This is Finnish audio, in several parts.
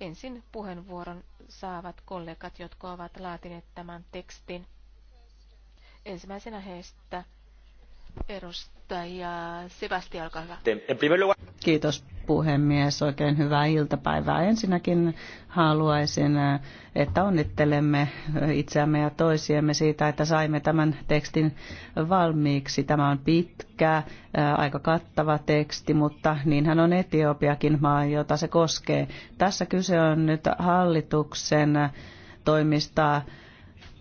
Ensin puheenvuoron saavat kollegat, jotka ovat laatineet tämän tekstin. Ensimmäisenä heistä edustaa olkaa hyvä. Kiitos puhemies, oikein hyvää iltapäivää. Ensinnäkin haluaisin, äh, että onnittelemme äh, itseämme ja toisiamme siitä, että saimme tämän tekstin valmiiksi. Tämä on pitkä, äh, aika kattava teksti, mutta niinhän on Etiopiakin maa, jota se koskee. Tässä kyse on nyt hallituksen toimista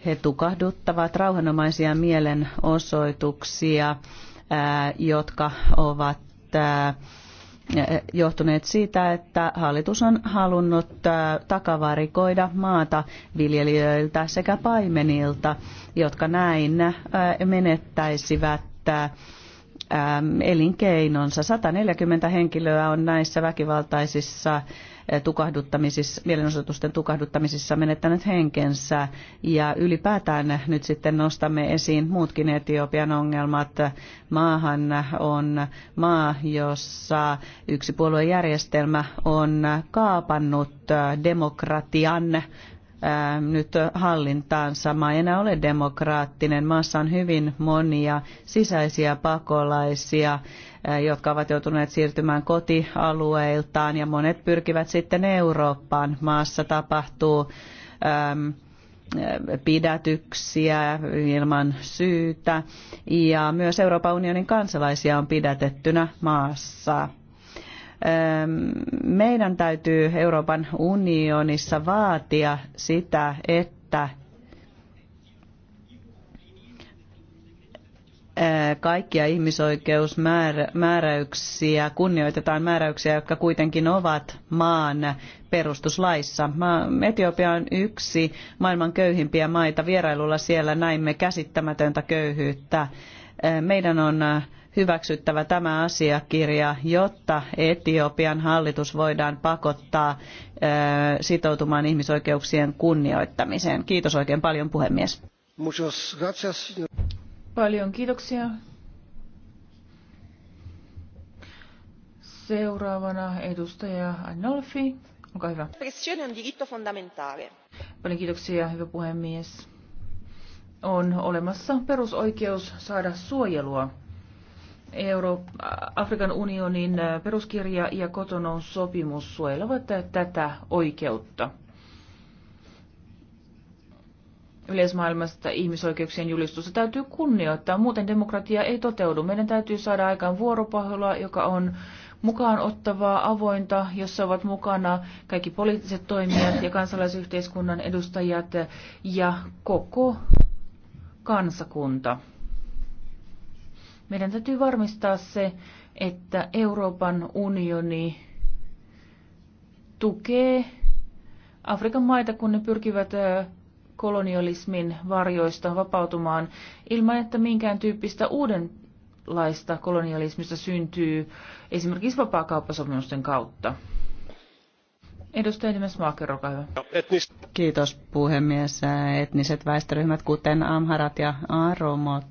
he tukahduttavat rauhanomaisia mielenosoituksia jotka ovat johtuneet siitä, että hallitus on halunnut takavarikoida maata viljelijöiltä sekä paimenilta, jotka näin menettäisivät Ähm, elinkeinonsa. 140 henkilöä on näissä väkivaltaisissa äh, tukahduttamisissa, mielenosoitusten tukahduttamisissa menettänyt henkensä. Ja ylipäätään nyt sitten nostamme esiin muutkin Etiopian ongelmat. Maahan on maa, jossa yksi puoluejärjestelmä on kaapannut äh, demokratian nyt hallintaansa. Maa ei enää ole demokraattinen. Maassa on hyvin monia sisäisiä pakolaisia, jotka ovat joutuneet siirtymään kotialueiltaan ja monet pyrkivät sitten Eurooppaan. Maassa tapahtuu äm, pidätyksiä ilman syytä ja myös Euroopan unionin kansalaisia on pidätettynä maassa meidän täytyy Euroopan unionissa vaatia sitä, että kaikkia ihmisoikeusmääräyksiä, kunnioitetaan määräyksiä, jotka kuitenkin ovat maan perustuslaissa. Etiopia on yksi maailman köyhimpiä maita. Vierailulla siellä näimme käsittämätöntä köyhyyttä. Meidän on hyväksyttävä tämä asiakirja, jotta Etiopian hallitus voidaan pakottaa sitoutumaan ihmisoikeuksien kunnioittamiseen. Kiitos oikein paljon puhemies. Paljon kiitoksia. Seuraavana edustaja Annolfi. Olkaa hyvä. Paljon kiitoksia, hyvä puhemies. On olemassa perusoikeus saada suojelua. Euro, Afrikan unionin äh, peruskirja ja kotonon sopimus suojelevat tätä oikeutta. Yleismaailmasta ihmisoikeuksien julistusta täytyy kunnioittaa, muuten demokratia ei toteudu. Meidän täytyy saada aikaan vuoropuhelua, joka on mukaan ottavaa, avointa, jossa ovat mukana kaikki poliittiset toimijat ja kansalaisyhteiskunnan edustajat ja koko kansakunta. Meidän täytyy varmistaa se, että Euroopan unioni tukee Afrikan maita, kun ne pyrkivät kolonialismin varjoista vapautumaan ilman, että minkään tyyppistä uudenlaista kolonialismista syntyy esimerkiksi vapaakauppasopimusten kautta. Edustaja Maaker, olkaa hyvä. Kiitos puhemies. Etniset väestöryhmät, kuten amharat ja aromot,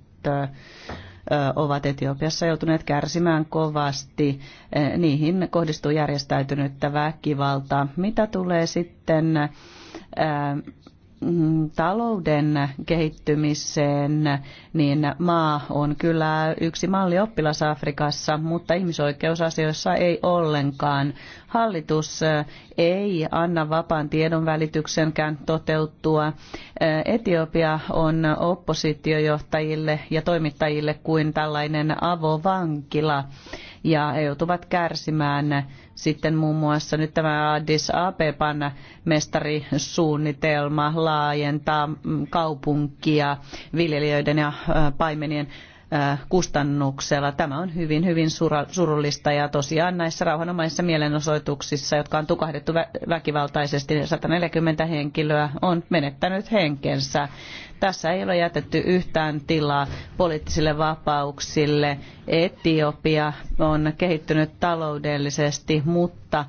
ovat Etiopiassa joutuneet kärsimään kovasti. E, niihin kohdistuu järjestäytynyttä väkivaltaa. Mitä tulee sitten Mm, talouden kehittymiseen, niin maa on kyllä yksi malli oppilas Afrikassa, mutta ihmisoikeusasioissa ei ollenkaan. Hallitus ei anna vapaan tiedonvälityksenkään toteutua. Etiopia on oppositiojohtajille ja toimittajille kuin tällainen avovankila ja he joutuvat kärsimään sitten muun muassa nyt tämä Addis Abeban mestarisuunnitelma laajentaa kaupunkia viljelijöiden ja paimenien kustannuksella. Tämä on hyvin, hyvin surullista ja tosiaan näissä rauhanomaisissa mielenosoituksissa, jotka on tukahdettu väkivaltaisesti, 140 niin henkilöä on menettänyt henkensä. Tässä ei ole jätetty yhtään tilaa poliittisille vapauksille. Etiopia on kehittynyt taloudellisesti, mutta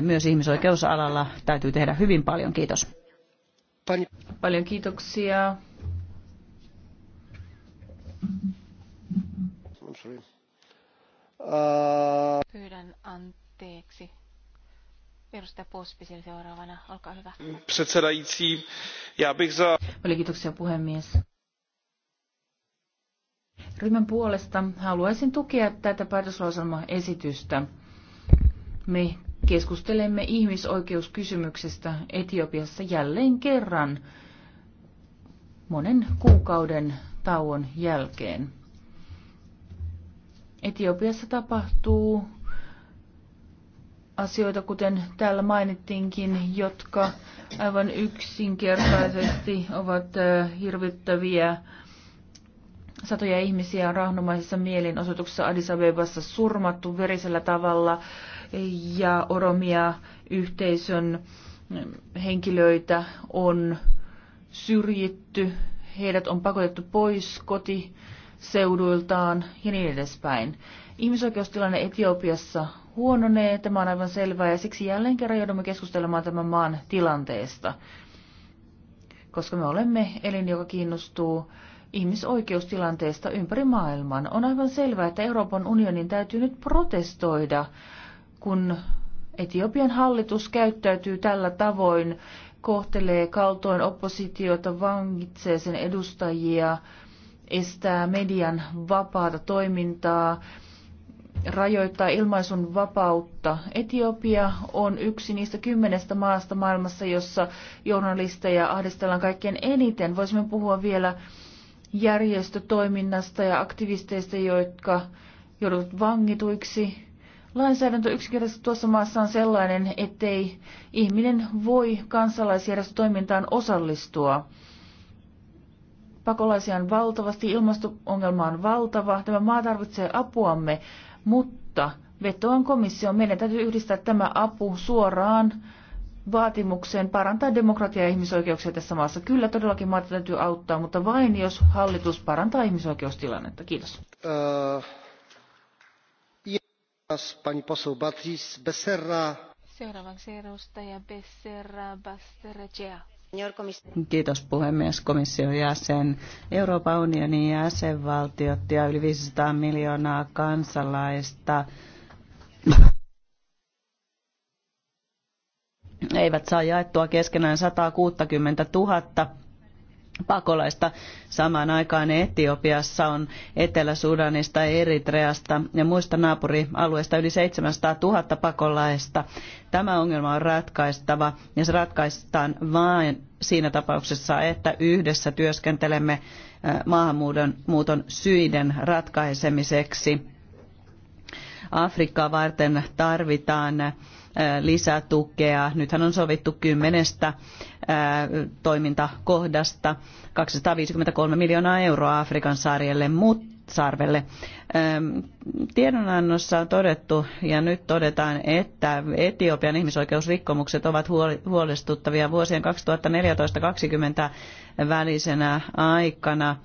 myös ihmisoikeusalalla täytyy tehdä hyvin paljon. Kiitos. Paljon kiitoksia. I'm Uh... Pyydän anteeksi. Edustaja Pospisil seuraavana, olkaa hyvä. Předsedající, já bych za... Oli kiitoksia puhemies. Ryhmän puolesta haluaisin tukea tätä päätöslauselmaesitystä. Me keskustelemme ihmisoikeuskysymyksestä Etiopiassa jälleen kerran monen kuukauden tauon jälkeen. Etiopiassa tapahtuu asioita, kuten täällä mainittiinkin, jotka aivan yksinkertaisesti ovat hirvittäviä. Satoja ihmisiä on rahnomaisessa mielenosoituksessa Addis Abebassa surmattu verisellä tavalla ja oromia yhteisön henkilöitä on syrjitty. Heidät on pakotettu pois koti seuduiltaan ja niin edespäin. Ihmisoikeustilanne Etiopiassa huononee, tämä on aivan selvää, ja siksi jälleen kerran joudumme keskustelemaan tämän maan tilanteesta, koska me olemme elin, joka kiinnostuu ihmisoikeustilanteesta ympäri maailman. On aivan selvää, että Euroopan unionin täytyy nyt protestoida, kun Etiopian hallitus käyttäytyy tällä tavoin, kohtelee kaltoin oppositiota, vangitsee sen edustajia, estää median vapaata toimintaa, rajoittaa ilmaisun vapautta. Etiopia on yksi niistä kymmenestä maasta maailmassa, jossa journalisteja ahdistellaan kaikkein eniten. Voisimme puhua vielä järjestötoiminnasta ja aktivisteista, jotka joudut vangituiksi. Lainsäädäntö yksinkertaisesti tuossa maassa on sellainen, ettei ihminen voi kansalaisjärjestötoimintaan osallistua. Pakolaisia on valtavasti, ilmastoongelma on valtava. Tämä maa tarvitsee apuamme, mutta vetoan komissio, Meidän täytyy yhdistää tämä apu suoraan vaatimukseen parantaa demokratiaa ja ihmisoikeuksia tässä maassa. Kyllä todellakin maata täytyy auttaa, mutta vain jos hallitus parantaa ihmisoikeustilannetta. Kiitos. Uh, yes, Seuraavaksi edustaja Becerra Bastergea. Kiitos puhemies, komission jäsen. Euroopan unionin jäsenvaltiot ja yli 500 miljoonaa kansalaista eivät saa jaettua keskenään 160 000 pakolaista. Samaan aikaan Etiopiassa on Etelä-Sudanista, Eritreasta ja muista naapurialueista yli 700 000 pakolaista. Tämä ongelma on ratkaistava ja se ratkaistaan vain siinä tapauksessa, että yhdessä työskentelemme äh, maahanmuuton syiden ratkaisemiseksi. Afrikkaa varten tarvitaan lisätukea. Nythän on sovittu kymmenestä toimintakohdasta 253 miljoonaa euroa Afrikan saarelle, mutta sarvelle. Tiedonannossa on todettu ja nyt todetaan, että Etiopian ihmisoikeusrikkomukset ovat huolestuttavia vuosien 2014-2020 välisenä aikana.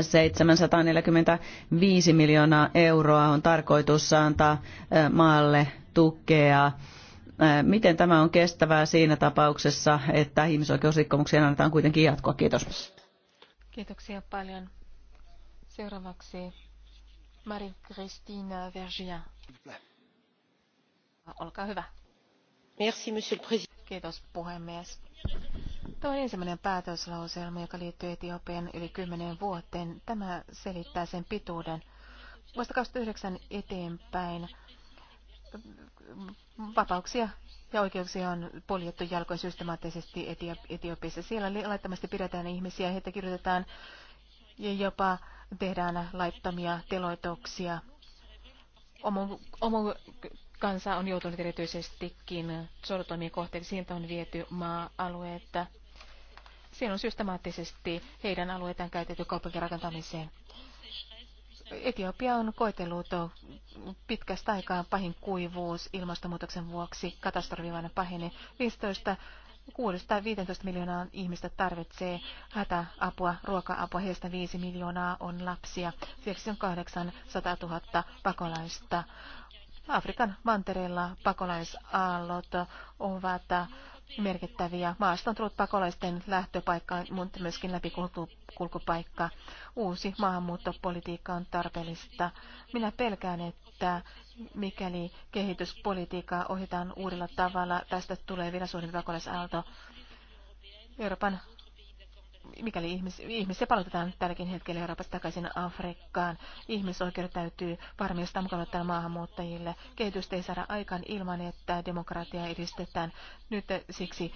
745 miljoonaa euroa on tarkoitus antaa maalle tukea. Äh, miten tämä on kestävää siinä tapauksessa, että ihmisoikeusrikkomuksia annetaan kuitenkin jatkoa? Kiitos. Kiitoksia paljon. Seuraavaksi Marie-Christine Vergia. Olkaa hyvä. Merci, monsieur le président. Kiitos puhemies. Tuo ensimmäinen päätöslauselma, joka liittyy Etiopian yli kymmenen vuoteen, tämä selittää sen pituuden. Vuosta 2009 eteenpäin vapauksia ja oikeuksia on poljettu jalkoin systemaattisesti Etiopiassa. Siellä laittomasti pidetään ihmisiä, heitä kirjoitetaan ja jopa tehdään laittomia teloituksia. Omo, omo kansa on joutunut erityisestikin sortoimien kohteeksi. siitä on viety maa alueetta Siellä on systemaattisesti heidän alueitaan käytetty kaupunkirakentamiseen. Etiopia on koetellut pitkästä aikaa pahin kuivuus ilmastonmuutoksen vuoksi. katastrofivainen paheni pahenee. 15 615 miljoonaa ihmistä tarvitsee hätäapua, ruoka-apua, heistä 5 miljoonaa on lapsia. Siksi on 800 000 pakolaista. Afrikan mantereella pakolaisaallot ovat merkittäviä. Maasta on tullut pakolaisten lähtöpaikka, mutta myöskin läpikulkupaikka. Uusi maahanmuuttopolitiikka on tarpeellista. Minä pelkään, että mikäli kehityspolitiikkaa ohjataan uudella tavalla, tästä tulee vielä suurin pakolaisaalto. Euroopan mikäli ihmis, ihmisiä palautetaan tälläkin hetkellä Euroopasta takaisin Afrikkaan. Ihmisoikeudet täytyy varmistaa mukana maahanmuuttajille. Kehitystä ei saada aikaan ilman, että demokratiaa edistetään. Nyt siksi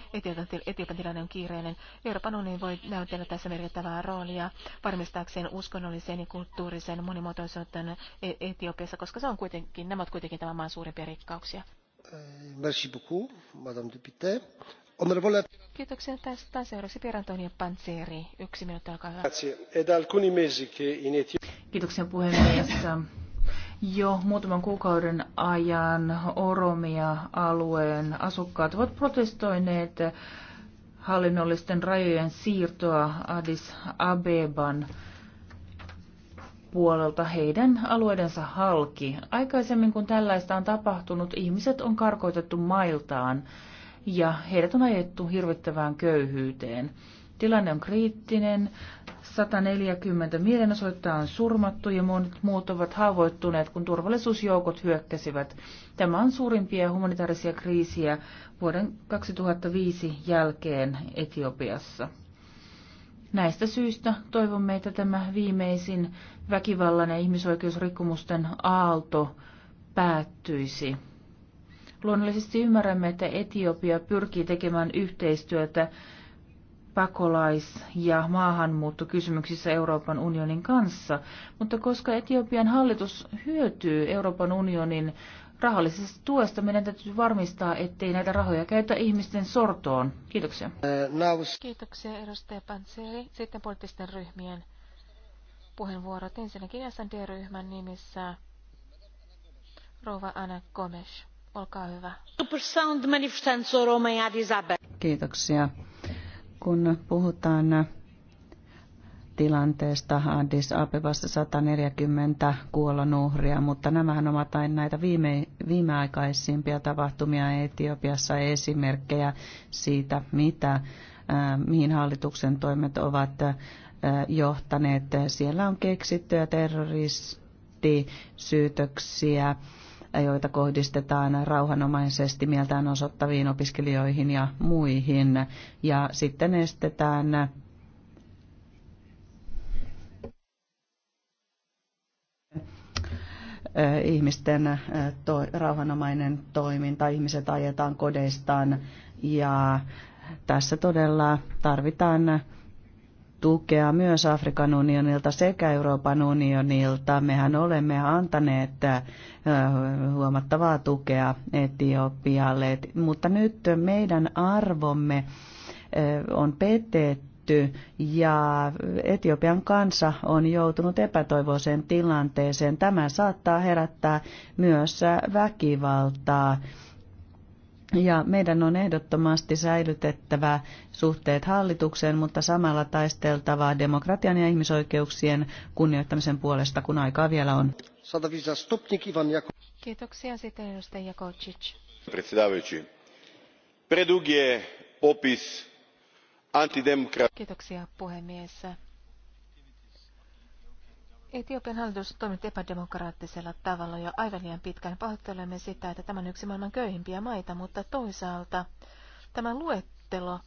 Etiopian tilanne on kiireinen. Euroopan unioni voi näytellä tässä merkittävää roolia varmistaakseen uskonnollisen ja kulttuurisen monimuotoisuuden e- Etiopiassa, koska se on kuitenkin, nämä ovat kuitenkin tämän maan suurimpia rikkauksia. Merci beaucoup, Madame Dupité. Kiitoksia tästä. Seuraavaksi Pierantonio Panzeri. Yksi minuutti, olkaa hyvä. Kiitoksia puhemies. Jo muutaman kuukauden ajan Oromia-alueen asukkaat ovat protestoineet hallinnollisten rajojen siirtoa Addis Abeban puolelta heidän alueidensa halki. Aikaisemmin kun tällaista on tapahtunut, ihmiset on karkoitettu mailtaan ja heidät on ajettu hirvittävään köyhyyteen. Tilanne on kriittinen, 140 mielenosoittajaa on surmattu ja monet muut ovat haavoittuneet, kun turvallisuusjoukot hyökkäsivät. Tämä on suurimpia humanitaarisia kriisiä vuoden 2005 jälkeen Etiopiassa. Näistä syistä toivomme, että tämä viimeisin väkivallan ja ihmisoikeusrikkomusten aalto päättyisi. Luonnollisesti ymmärrämme, että Etiopia pyrkii tekemään yhteistyötä pakolais- ja maahanmuuttokysymyksissä Euroopan unionin kanssa, mutta koska Etiopian hallitus hyötyy Euroopan unionin rahallisesta tuesta, meidän täytyy varmistaa, ettei näitä rahoja käytä ihmisten sortoon. Kiitoksia. Eh, Kiitoksia edustaja Pantseri. Sitten poliittisten ryhmien puheenvuorot. Ensinnäkin SND-ryhmän nimissä Rova Anna Gomes. Olkaa hyvä. Kiitoksia. Kun puhutaan tilanteesta Addis Abebassa 140 kuolonuhria, mutta nämähän ovat aina näitä viime, viimeaikaisimpia tapahtumia Etiopiassa esimerkkejä siitä, mitä, äh, mihin hallituksen toimet ovat äh, johtaneet. Siellä on keksittyjä terroristisyytöksiä joita kohdistetaan rauhanomaisesti mieltään osoittaviin opiskelijoihin ja muihin. Ja sitten estetään ihmisten to, rauhanomainen toiminta, ihmiset ajetaan kodeistaan ja tässä todella tarvitaan tukea myös Afrikan unionilta sekä Euroopan unionilta. Mehän olemme antaneet huomattavaa tukea Etiopialle, mutta nyt meidän arvomme on petetty ja Etiopian kansa on joutunut epätoivoiseen tilanteeseen. Tämä saattaa herättää myös väkivaltaa ja meidän on ehdottomasti säilytettävä suhteet hallitukseen, mutta samalla taisteltava demokratian ja ihmisoikeuksien kunnioittamisen puolesta, kun aikaa vielä on. Kiitoksia sitten edustaja Jakocic. Kiitoksia puhemies. Etiopian hallitus on toiminut epädemokraattisella tavalla jo aivan liian pitkään. Pahoittelemme sitä, että tämä on yksi maailman köyhimpiä maita, mutta toisaalta tämä luettelo,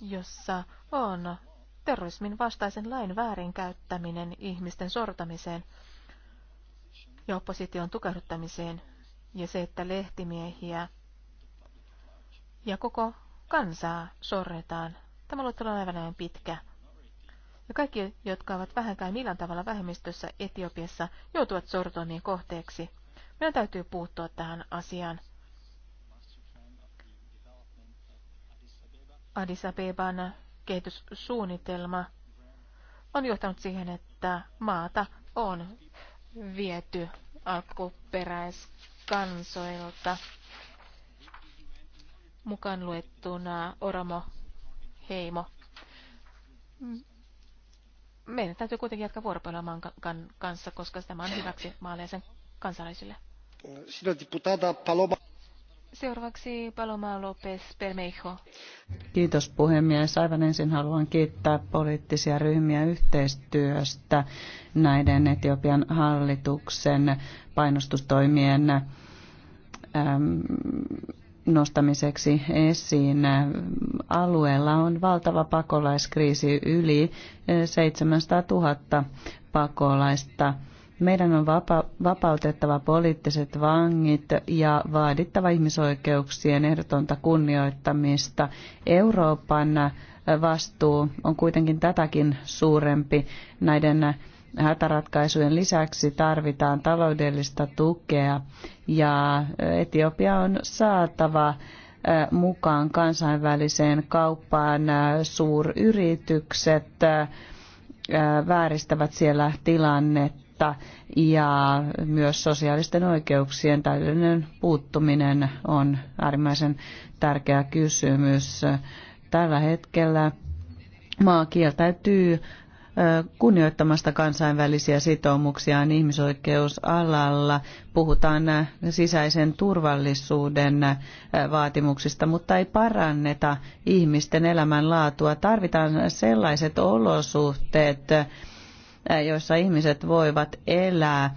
jossa on terrorismin vastaisen lain väärinkäyttäminen ihmisten sortamiseen ja opposition tukahduttamiseen ja se, että lehtimiehiä ja koko kansaa sorretaan. Tämä luettelo on aivan liian pitkä. Ja kaikki, jotka ovat vähänkään millään tavalla vähemmistössä Etiopiassa, joutuvat sortoimien kohteeksi. Meidän täytyy puuttua tähän asiaan. Addis Abeban kehityssuunnitelma on johtanut siihen, että maata on viety alkuperäiskansoilta mukaan luettuna Oromo heimo meidän täytyy kuitenkin jatkaa vuoropuhelua maan kanssa, koska tämä on hyväksi maalle ja sen kansalaisille. Seuraavaksi Paloma López Permeijo. Kiitos puhemies. Aivan ensin haluan kiittää poliittisia ryhmiä yhteistyöstä näiden Etiopian hallituksen painostustoimien nostamiseksi esiin. Alueella on valtava pakolaiskriisi, yli 700 eh, 000 pakolaista. Meidän on vapa- vapautettava poliittiset vangit ja vaadittava ihmisoikeuksien ehdotonta kunnioittamista. Euroopan eh, vastuu on kuitenkin tätäkin suurempi näiden hätäratkaisujen lisäksi tarvitaan taloudellista tukea ja Etiopia on saatava mukaan kansainväliseen kauppaan suuryritykset vääristävät siellä tilannetta ja myös sosiaalisten oikeuksien täydellinen puuttuminen on äärimmäisen tärkeä kysymys. Tällä hetkellä maa kieltäytyy kunnioittamasta kansainvälisiä sitoumuksiaan ihmisoikeusalalla. Puhutaan sisäisen turvallisuuden vaatimuksista, mutta ei paranneta ihmisten elämänlaatua. Tarvitaan sellaiset olosuhteet, joissa ihmiset voivat elää.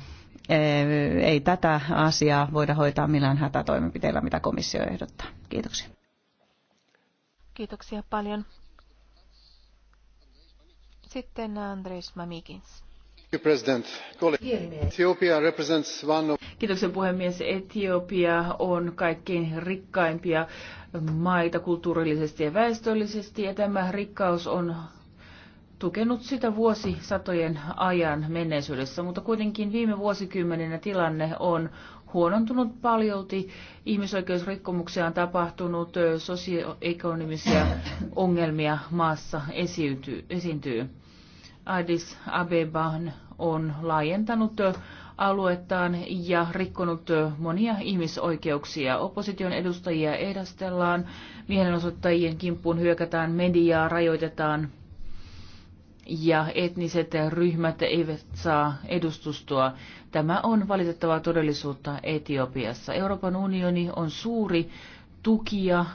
Ei tätä asiaa voida hoitaa millään hätätoimenpiteillä, mitä komissio ehdottaa. Kiitoksia. Kiitoksia paljon. Sitten Andres Mamikins. Kiitoksen puhemies. Etiopia on kaikkein rikkaimpia maita kulttuurillisesti ja väestöllisesti, ja tämä rikkaus on tukenut sitä vuosisatojen ajan menneisyydessä, mutta kuitenkin viime vuosikymmeninä tilanne on huonontunut paljolti. Ihmisoikeusrikkomuksia on tapahtunut, sosioekonomisia ongelmia maassa esiintyy. esiintyy. Addis Abebaan on laajentanut aluettaan ja rikkonut monia ihmisoikeuksia. Opposition edustajia ehdastellaan, mielenosoittajien kimppuun hyökätään, mediaa rajoitetaan ja etniset ryhmät eivät saa edustustua. Tämä on valitettavaa todellisuutta Etiopiassa. Euroopan unioni on suuri tukija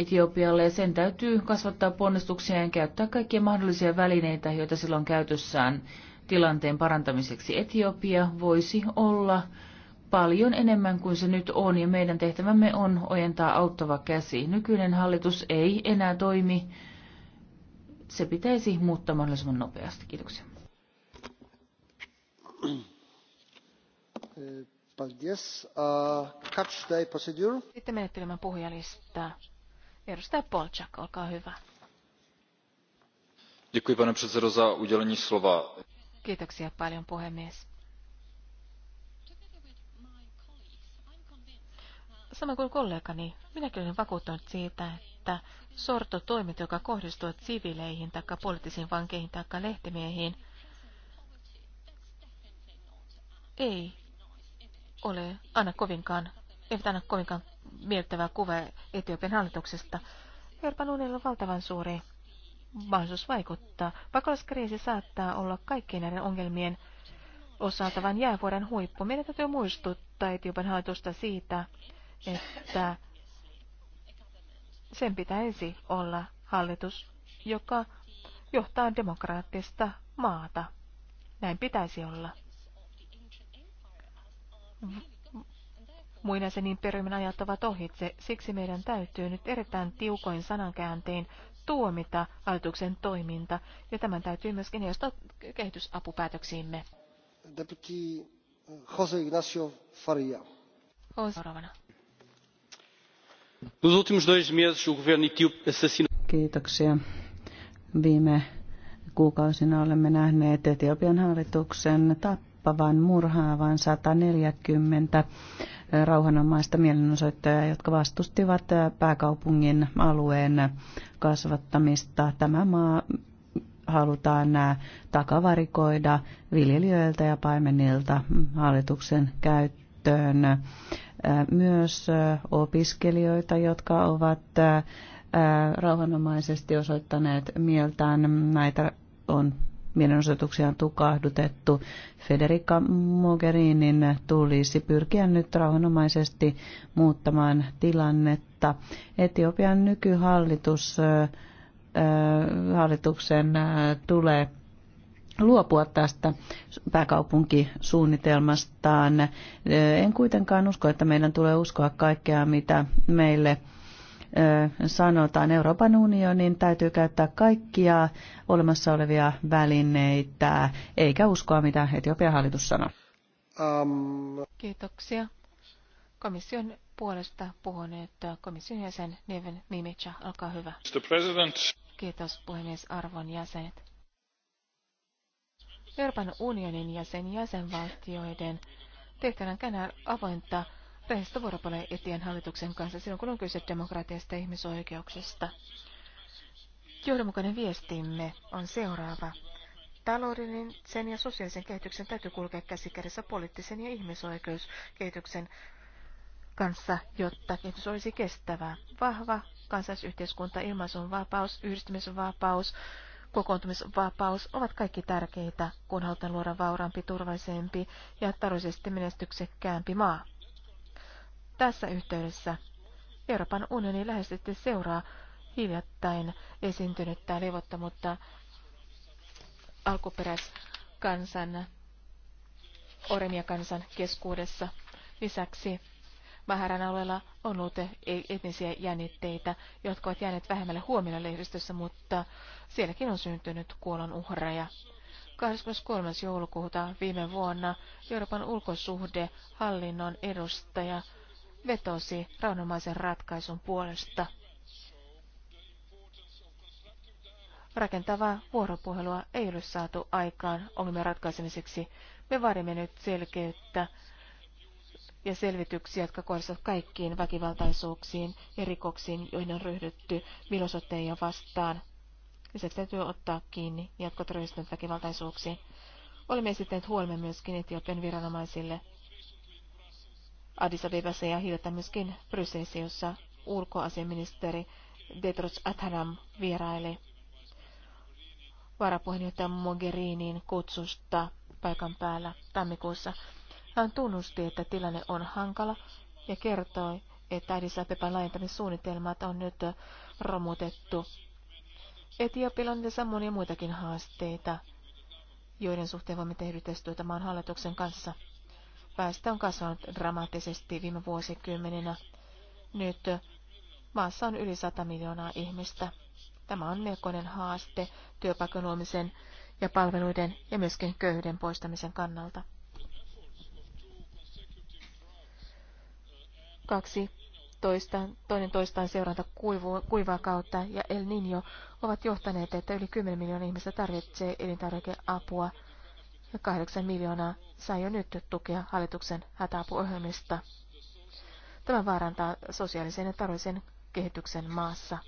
Etiopialle ja sen täytyy kasvattaa ponnistuksia ja käyttää kaikkia mahdollisia välineitä, joita sillä on käytössään tilanteen parantamiseksi. Etiopia voisi olla paljon enemmän kuin se nyt on ja meidän tehtävämme on ojentaa auttava käsi. Nykyinen hallitus ei enää toimi. Se pitäisi muuttaa mahdollisimman nopeasti. Kiitoksia. Uh, Sitten menettelemään puhujalistaa. Edustaja olkaa hyvä. Děkuji, pane předsedo, za udělení slova. Kiitoksia paljon, puhemies. Sama kuin kollegani, minäkin olen vakuuttunut siitä, että sortotoimet, jotka kohdistuvat siviileihin tai poliittisiin vankeihin tai lehtimiehiin, ei ole anna kovinkaan eivät anna kovinkaan mieltävää kuvaa Etiopian hallituksesta. Euroopan unionilla on valtavan suuri mahdollisuus vaikuttaa. Pakolaiskriisi saattaa olla kaikkien näiden ongelmien osalta vain jäävuoren huippu. Meidän täytyy muistuttaa Etiopian hallitusta siitä, että sen pitäisi olla hallitus, joka johtaa demokraattista maata. Näin pitäisi olla muinaisen niin imperiumin ajat ovat ohitse. Siksi meidän täytyy nyt erittäin tiukoin sanankääntein tuomita hallituksen toiminta, ja tämän täytyy myöskin heijastaa kehitysapupäätöksiimme. Deputy eh, Jose Ignacio Faria. Kiitoksia. Viime kuukausina olemme nähneet Etiopian hallituksen tappavan murhaavan 140 rauhanomaista mielenosoittajaa, jotka vastustivat pääkaupungin alueen kasvattamista. Tämä maa halutaan takavarikoida viljelijöiltä ja paimenilta hallituksen käyttöön. Myös opiskelijoita, jotka ovat rauhanomaisesti osoittaneet mieltään, näitä on mielenosoituksia on tukahdutettu. Federica Mogherinin tulisi pyrkiä nyt rauhanomaisesti muuttamaan tilannetta. Etiopian nykyhallitus hallituksen tulee luopua tästä pääkaupunkisuunnitelmastaan. En kuitenkaan usko, että meidän tulee uskoa kaikkea, mitä meille – sanotaan. Euroopan unionin täytyy käyttää kaikkia olemassa olevia välineitä, eikä uskoa mitä Etiopian hallitus sanoo. Um... Kiitoksia. Komission puolesta puhuneet komission jäsen Neven Mimicha, olkaa hyvä. Mr. President. Kiitos puhemies arvon jäsenet. Euroopan unionin jäsen jäsenvaltioiden tehtävän tänään avointa rehellistä vuoropuolella etien hallituksen kanssa silloin, kun on kyse demokratiasta ja ihmisoikeuksista. Johdonmukainen viestimme on seuraava. Taloudellinen sen ja sosiaalisen kehityksen täytyy kulkea käsikädessä poliittisen ja ihmisoikeuskehityksen kanssa, jotta kehitys olisi kestävää. Vahva kansallisyhteiskunta, ilmaisun vapaus, yhdistymisvapaus, kokoontumisvapaus ovat kaikki tärkeitä, kun halutaan luoda vauraampi, turvallisempi ja taloudellisesti menestyksekkäämpi maa. Tässä yhteydessä Euroopan unioni lähestytti seuraa hiljattain esiintynyttä levottomuutta alkuperäiskansan, oremia kansan keskuudessa. Lisäksi Maharan alueella on ollut e- etnisiä jännitteitä, jotka ovat jääneet vähemmälle huomiolle lehdistössä, mutta sielläkin on syntynyt kuolon uhreja. 23. joulukuuta viime vuonna Euroopan ulkosuhdehallinnon edustaja vetosi rauhanomaisen ratkaisun puolesta. Rakentavaa vuoropuhelua ei ole saatu aikaan ongelmien ratkaisemiseksi. Me vaadimme nyt selkeyttä ja selvityksiä, jotka kohdistuvat kaikkiin väkivaltaisuuksiin ja rikoksiin, joihin on ryhdytty milosoteja vastaan. Lisäksi täytyy ottaa kiinni jatkoturvallisuuden väkivaltaisuuksiin. Olemme esittäneet huolemme myöskin Etiopian viranomaisille. Addis Abebassa ja hiljattain myöskin Brysselissä, jossa ulkoasiaministeri Detros Athanam vieraili varapuheenjohtaja Mogherinin kutsusta paikan päällä tammikuussa. Hän tunnusti, että tilanne on hankala ja kertoi, että Addis Abeban laajentamissuunnitelmat on nyt romutettu. Etiopilla on tässä monia muitakin haasteita, joiden suhteen voimme tehdä yhteistyötä maan hallituksen kanssa. Väestö on kasvanut dramaattisesti viime vuosikymmeninä. Nyt maassa on yli 100 miljoonaa ihmistä. Tämä on melkoinen haaste työpaikan luomisen ja palveluiden ja myöskin köyhyyden poistamisen kannalta. Kaksi toista, toinen toistaan seuranta kuivaa kautta ja El Niño ovat johtaneet, että yli 10 miljoonaa ihmistä tarvitsee elintarvikeapua ja 8 miljoonaa saa jo nyt tukea hallituksen hätäapuohjelmista. Tämä vaarantaa sosiaalisen ja taloudellisen kehityksen maassa.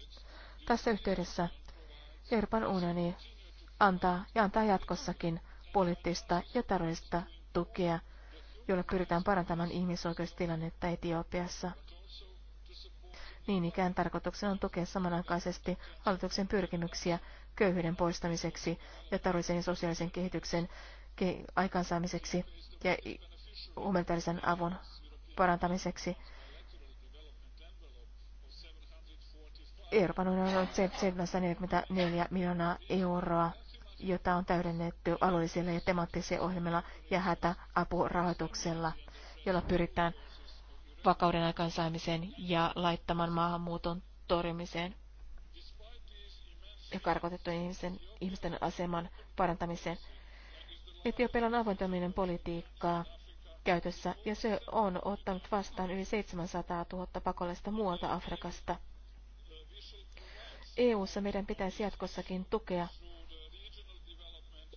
Tässä yhteydessä Euroopan unioni antaa ja antaa jatkossakin poliittista ja taloudellista tukea, jolla pyritään parantamaan ihmisoikeustilannetta Etiopiassa. Niin ikään tarkoituksena on tukea samanaikaisesti hallituksen pyrkimyksiä köyhyyden poistamiseksi ja taloudellisen ja sosiaalisen kehityksen aikaansaamiseksi ja humanitaarisen avun parantamiseksi. Euroopan unioni on 744 miljoonaa euroa, jota on täydennetty alueellisilla ja temaattisilla ohjelmilla ja hätäapurahoituksella, jolla pyritään vakauden aikaansaamiseen ja laittamaan maahanmuuton torjumiseen ja karkotettujen ihmisten, ihmisten aseman parantamiseen. Etiopialla on avointaminen politiikkaa käytössä ja se on ottanut vastaan yli 700 000 pakolaista muualta Afrikasta. EU-ssa meidän pitäisi jatkossakin tukea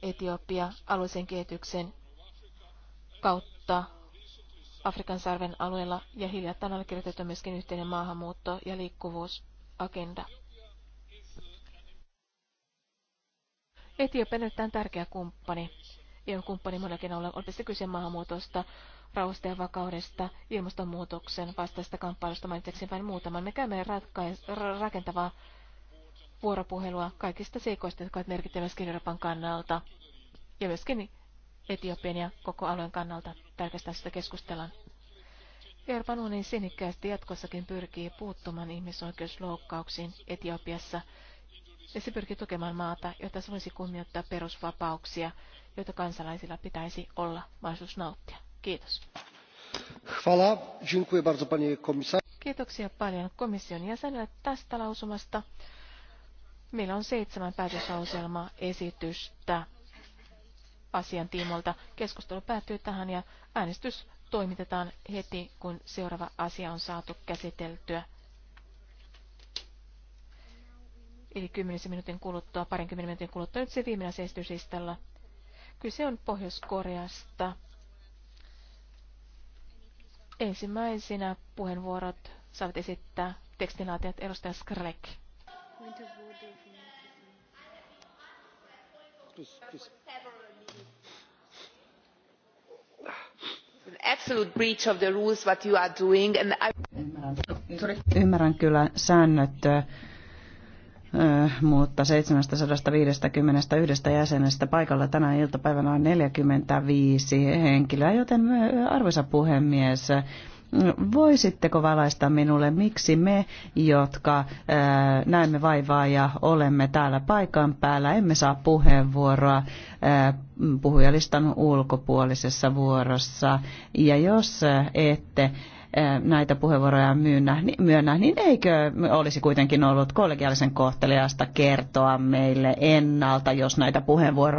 Etiopia alueisen kehityksen kautta Afrikan sarven alueella ja hiljattain allekirjoitettu myöskin yhteinen maahanmuutto- ja liikkuvuusagenda. Etiopia on tärkeä kumppani EU-kumppani monellakin olla, on se kyse maahanmuutosta, rauhasta ja vakaudesta, ilmastonmuutoksen vastaista kamppailusta mainitseksi vain muutaman. Me käymme ratkais- ra- rakentavaa vuoropuhelua kaikista seikoista, jotka ovat merkittävästi Euroopan kannalta ja myöskin Etiopian ja koko alueen kannalta tärkeästä sitä keskustellaan. Euroopan unionin sinikkäästi jatkossakin pyrkii puuttumaan ihmisoikeusloukkauksiin Etiopiassa ja se pyrkii tukemaan maata, jotta se voisi kunnioittaa perusvapauksia, joita kansalaisilla pitäisi olla mahdollisuus nauttia. Kiitos. Hvala. Dziękuję bardzo, panie komisar. Kiitoksia paljon komission jäsenelle tästä lausumasta. Meillä on seitsemän päätöslauselmaa esitystä asian tiimolta. Keskustelu päättyy tähän ja äänestys toimitetaan heti, kun seuraava asia on saatu käsiteltyä. Eli 10 minuutin kuluttua, parinkymmenen minuutin kuluttua. Nyt se viimeinen asia esityslistalla. Kyse on Pohjois-Koreasta. Ensimmäisenä puheenvuorot saavat esittää tekstinaatiot edustaja Skrek. absolute breach of the rules what you are doing and I... Ymmärrän kyllä säännöt Äh, mutta 751 jäsenestä paikalla tänä iltapäivänä on 45 henkilöä, joten äh, arvoisa puhemies, äh, voisitteko valaista minulle, miksi me, jotka näemme vaivaa ja olemme täällä paikan päällä, emme saa puheenvuoroa puhujalistan ulkopuolisessa vuorossa. Ja jos ette Eh, näitä puheenvuoroja myönnä, niin eikö olisi kuitenkin ollut kollegiaalisen kohteliasta kertoa meille ennalta, jos näitä puheenvuoroja